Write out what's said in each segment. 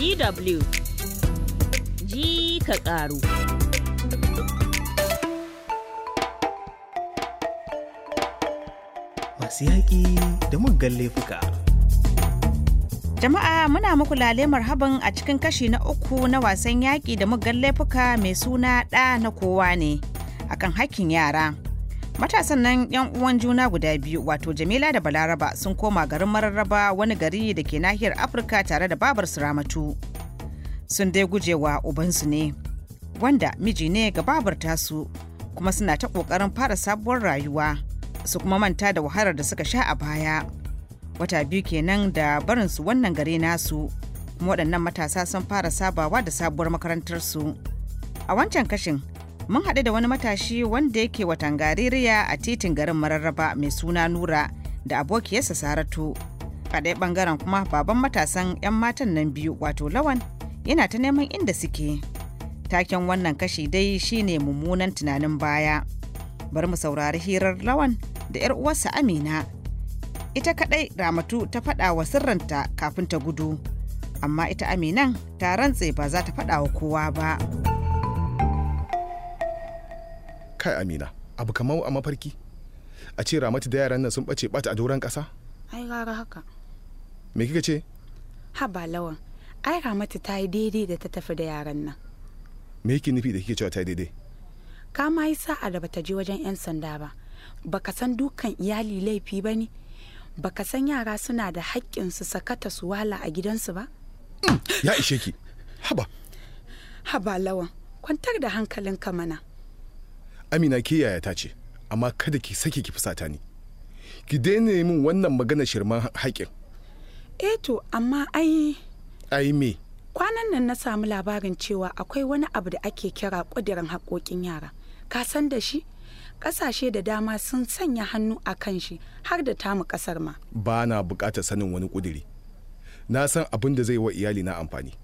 DW ji ka ƙaru. Masu yaƙi da muggan laifuka. Jama'a muna muku lalemar habin a cikin kashi na uku na wasan yaƙi da muggan laifuka mai suna ɗa na kowa ne akan hakkin yara. matasan nan yan uwan juna guda biyu wato jamila da balaraba sun koma garin mararraba wani gari da ke nahiyar afirka tare da babar su ramatu sun dai gujewa ubansu ne wanda miji ne ga babar tasu kuma suna ta kokarin fara sabuwar rayuwa su kuma manta da wahalar da suka sha a baya wata biyu kenan da barinsu wannan gari nasu kuma waɗannan matasa sun fara sabawa da sabuwar makarantarsu a wancan kashin mun haɗu da wani matashi wanda yake watan gaririya a titin garin mararraba mai suna nura da abokiyarsa saratu a ɗaya ɓangaren kuma baban matasan 'yan matan nan biyu wato lawan yana ta neman inda suke taken wannan kashi dai shine mummunan tunanin baya bari mu saurari hirar lawan da 'yar uwarsa amina ita kaɗai ramatu ta faɗa wa sirranta kafin ta gudu amma ita aminan ta rantse ba za ta faɗa wa kowa ba. kai amina abu kamar a mafarki a ce ramatu da yaran nan sun bace bata a doron kasa ai gara haka me kika ce haba lawan ai ramatu ta yi daidai da ta tafi da yaran nan me yake nufi da kike cewa ta yi daidai ka ma yi sa'a da bata je wajen yan sanda ba baka san dukan iyali laifi ba ne baka san yara suna da haƙƙin su sakata su wala a gidansu ba mm, ya ishe ki haba haba lawan kwantar da hankalinka mana amina ke yaya ta ce amma kada ki sake ki fusata ni ki daina min wannan magana shirman haƙin eh to amma ai ai me kwanan nan na samu labarin cewa akwai wani abu da ake kira ƙudirin haƙoƙin yara ka san da shi ƙasashe da dama sun sanya hannu a kan shi har da tamu ƙasar ma ba na buƙatar sanin wani ƙudiri na san abin da zai wa iyali na amfani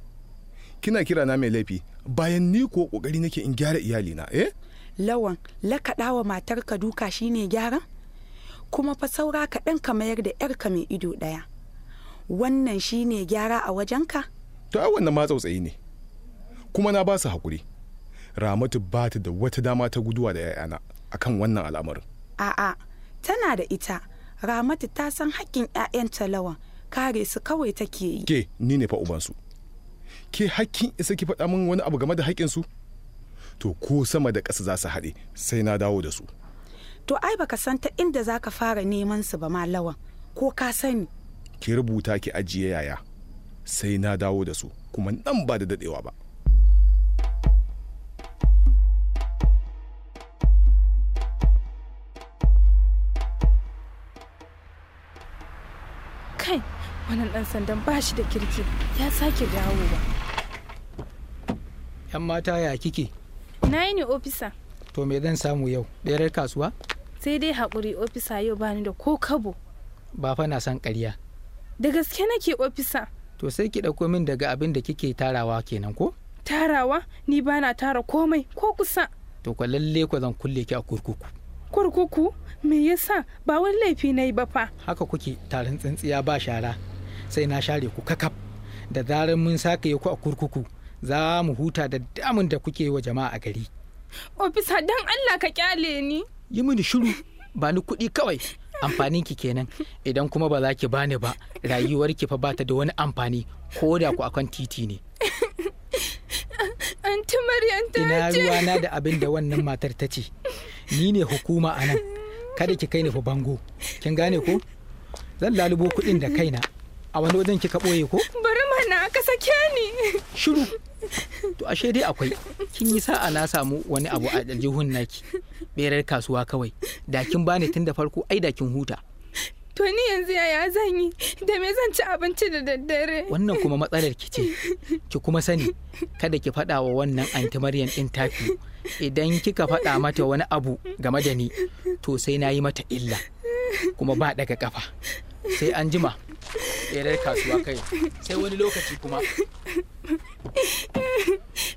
kina kira na mai laifi bayan ni ko ƙoƙari nake in gyara iyali na eh lawan lakaɗawa matarka duka shine gyara kuma fa saura kaɗan ka mayar da yarka mai ido ɗaya wannan shine gyara a wajenka to ai wannan ma ne kuma na ba su haƙuri ramatu ba ta da wata dama ta guduwa da 'ya'yana akan wannan al'amarin a'a tana da ita ramatu ta san haƙƙin 'ya'yanta lawan kare su kawai take yi ke ni ne fa ubansu ke hakkin isa ki faɗa min wani abu game da haƙƙinsu su to ko sama da ƙasa za su haɗe sai na dawo da su to ai baka san ta inda za ka fara neman su ba lawan ko ka sani ki rubuta ki ajiye yaya sai na dawo da su kuma nan ba da daɗewa ba kai wannan ɗan sandan ba shi da kirki ya sake dawowa 'yan mata ya kike Na yi ne ofisa. To me zan samu yau? berar kasuwa? Sai dai haƙuri ofisa yau bani da ko kabo. Ba fa na san ƙarya. Da gaske nake ofisa. To sai ki ɗauko min daga abin da kike tarawa kenan ko? Tarawa? Ni ba na tara komai ko kusa. To kwa lalle zan kulle ki a kurkuku. Kurkuku? Me yasa ba wani laifi na yi ba fa? Haka kuke tarin tsintsiya ba shara. Sai na share ku kakaf. Da zarar mun sake ku a kurkuku. za mu huta da damun da kuke wa jama'a a gari ofisa don allah ka kyale ni yi mini shiru ba ni kuɗi kawai amfanin ki kenan idan kuma ba za ki bani ba rayuwar ki fa bata da wani amfani ko da ku akan titi ne anti maryam ta ina ruwa na da abin da wannan matar ta ce ni ne hukuma a nan kada ki kai ni fa bango kin gane ko zan lalubo kuɗin da kaina a wani wajen kika ɓoye ko bari mana ka sake ni shiru to ashe dai akwai kin yi sa'a na samu wani abu a aljihun naki berar kasuwa kawai da kin bani tun da farko ai da kin huta to ni yanzu yaya zan yi da me zan ci abinci da daddare wannan kuma matsalar ki ce ki kuma sani kada ki faɗa wa wannan anti maryam din tafi idan kika faɗa mata wani abu game da ni to sai na yi mata illa kuma ba daga kafa sai an jima berar kasuwa kai sai wani lokaci kuma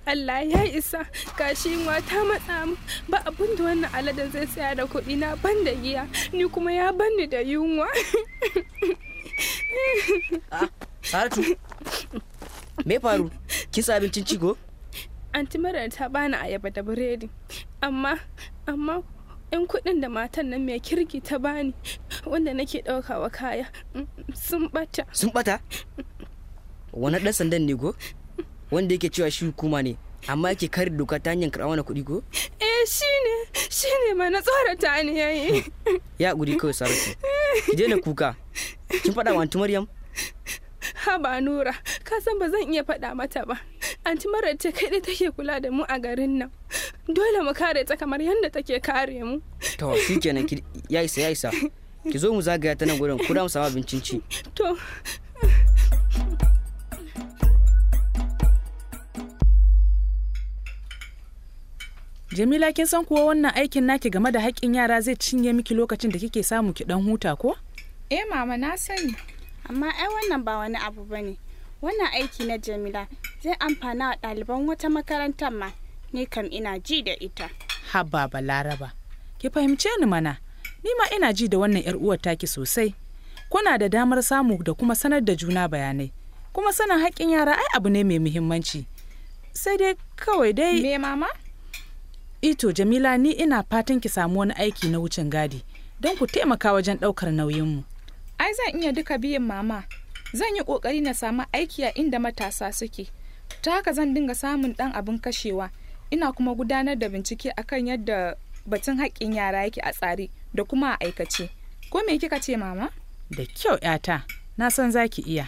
Allah ya isa kashi ma ta matsa mu ba abin da wannan aladen zai tsaya da kuɗi na ban da giya ni kuma ya ban ni da yunwa. Ah, Saratu, me faru? Kin sa abincin cigo? Anti Maryam ta bani ayaba da biredi, amma amma 'yan kuɗin da matan nan mai kirki ta bani wanda nake ɗaukawa kaya mm, sun bata. Sun bata? Wani ɗan sandan ne go? wanda yake cewa shi hukuma ne amma yake kare doka ta hanyar karɓar wani kuɗi ko? eh shi ne ma na tsorata ne yayi ya guri kawai sarki je na kuka kin faɗa wa maryam haba nura ka san ba zan iya faɗa mata ba anti maryam ce kai take kula da mu a garin nan dole mu kare ta kamar yadda take kare mu to ki ya isa ya isa ki zo mu zagaya ta nan gurin ku da mu samu abincin ci to Jamila kin san kuwa wannan aikin naki game da haƙƙin yara zai cinye miki lokacin da kike samu ki dan huta ko? Eh mama na sani. Amma ai wannan ba wani abu bane. Wannan aiki na Jamila zai amfana wa ɗaliban wata makarantar ma. Ni kam ina ji da ita. Habba laraba. Ki fahimce ni mana. Ni ma ina ji da wannan yar uwar taki sosai. Kuna da damar samu da kuma sanar da juna bayanai. Kuma sanin haƙƙin yara ai abu ne mai muhimmanci. Sai dai kawai dai. Me mama? ito jamila ni ina fatan ki samu wani aiki na wucin gadi don ku taimaka wajen ɗaukar nauyinmu ai zan iya duka biyan mama zan yi ƙoƙari na samu aiki a inda matasa suke ta haka zan dinga samun ɗan abin kashewa ina kuma gudanar da bincike akan yadda batun haƙƙin yara yake a tsare da kuma a aikace ko me kika ce mama da kyau yata na san za ki iya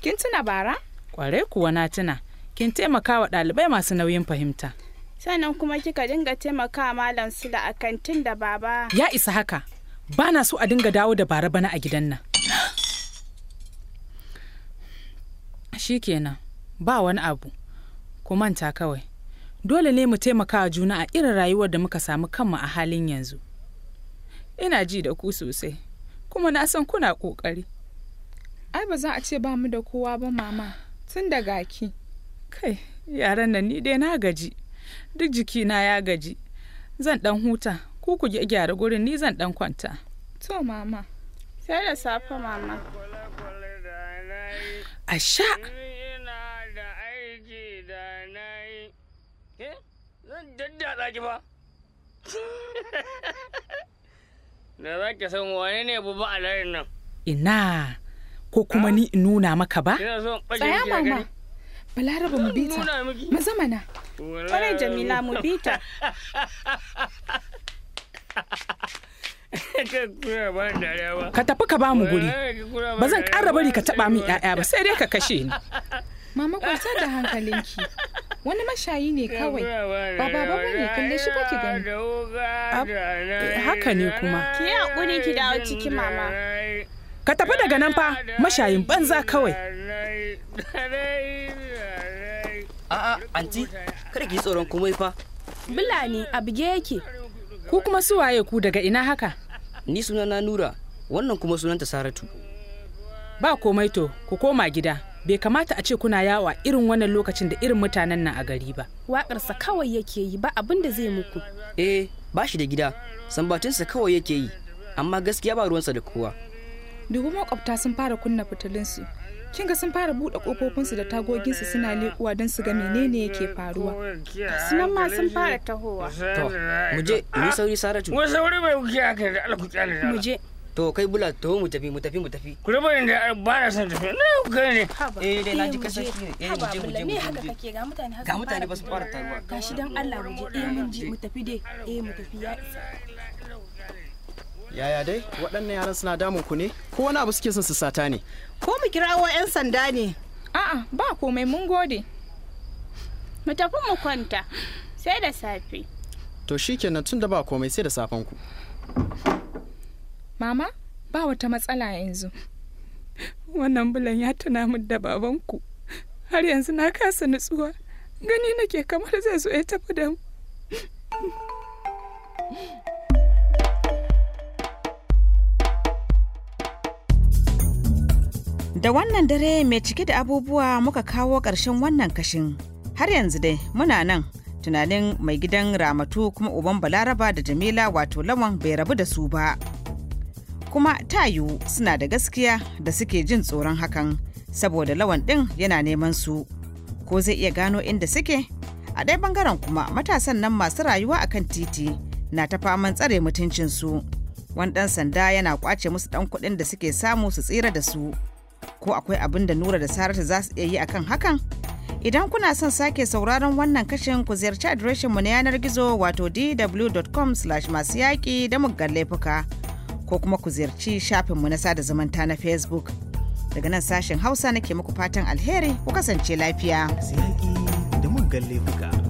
kin tuna bara Ƙwarai kuwa na tuna kin taimaka wa ɗalibai masu nauyin fahimta sannan kuma kika dinga taimaka malam sula a kantin da baba ya isa haka ba na so a dinga dawo dabara bana a gidan nan shikenan ba wani abu ku manta kawai dole ne mu taimaka juna a irin rayuwar da muka samu kanmu a halin yanzu ina ji da ku sosai kuma na san kuna ƙoƙari ai ba za a ce ba mu da kowa ba mama tun da gaki kai yaran nan ni dai na gaji duk jikina ya gaji zan dan huta ku ku gyara gurin ni zan dan kwanta to mama sai da safe mama asha eh? zan daddada ki ba da za ki san wane ne buba a layin nan ina ko kuma ni nuna maka ba tsaya mama balaraba mu bita mu zamana kwarai jamila mu bita ka tafi ka ba mu guri ba zan ƙara bari ka taɓa min 'ya'ya ba sai dai ka kashe ni mama kwanta da hankalinki wani mashayi ne kawai ba baba ba ne kalle shi baki gani haka ne kuma ki yi hakuri ki dawo ciki mama ka tafi daga nan fa mashayin banza kawai A'a, anti, kada ki tsoron komai fa. ni a bige yake. Ku kuma su waye ku daga ina haka? Ni na Nura, wannan kuma sunanta Saratu. Ba komai to, ku koma gida. Bai kamata a ce kuna yawa irin wannan lokacin da irin mutanen nan a gari ba. Waƙarsa kawai yake yi ba abin da zai muku. Eh, ba shi da gida, sambatinsa kawai yake yi, amma gaskiya ba ruwansa da kowa. dubu makwabta sun fara kunna fitilinsu kin ga sun fara buɗe kofofinsu da tagoginsu suna lekuwa don su ga menene yake faruwa sunan ma sun fara tahowa to mu je mu sauri saratu mu sauri bai kuke aka da alku kyale mu je to kai bula to mu tafi mu tafi mu tafi ku raba da ba na son tafi na ku kai ne eh dai na ji kasa shi eh mu eh, je mu je me haka kake ga mutane haka ga mutane ba su fara taruwa gashi dan Allah mu je eh mun je mu tafi dai eh mu tafi ya isa Yaya dai waɗannan yaran suna damun ku ne? Ko wani abu suke son su sata ne? Ko mu kirawo 'yan sanda ne? A'a ba komai mun gode. Mu tafi mu kwanta sai da safe. To shi tun da ba komai sai da safen ku. Mama ba wata matsala yanzu. Wannan bulan ya tuna min da ku Har yanzu na kasa nutsuwa. Gani nake kamar zai zo ya tafi da mu. Da wannan dare mai cike da abubuwa muka kawo ƙarshen wannan kashin. Har yanzu dai muna nan tunanin mai gidan ramatu kuma uban balaraba da jamila wato lawan bai rabu da su ba. Kuma ta yiwu suna da gaskiya da suke jin tsoron hakan saboda lawan ɗin yana neman su. Ko zai iya gano inda suke? A ɗaya bangaren kuma matasan nan masu rayuwa akan titi na ta faman tsare mutuncinsu. Wani ɗan sanda yana kwace musu ɗan kuɗin da suke samu su tsira da su. ko akwai abin da nura da saratu za su iya yi akan hakan idan kuna son sake sauraron wannan kashin ku ziyarci adireshin mu na yanar gizo wato dw.com masu yaƙi da muggan laifuka ko kuma ku ziyarci shafin mu na sada zumunta na facebook daga nan sashen hausa nake muku fatan alheri ku kasance lafiya. Masu yaƙi da muggan laifuka.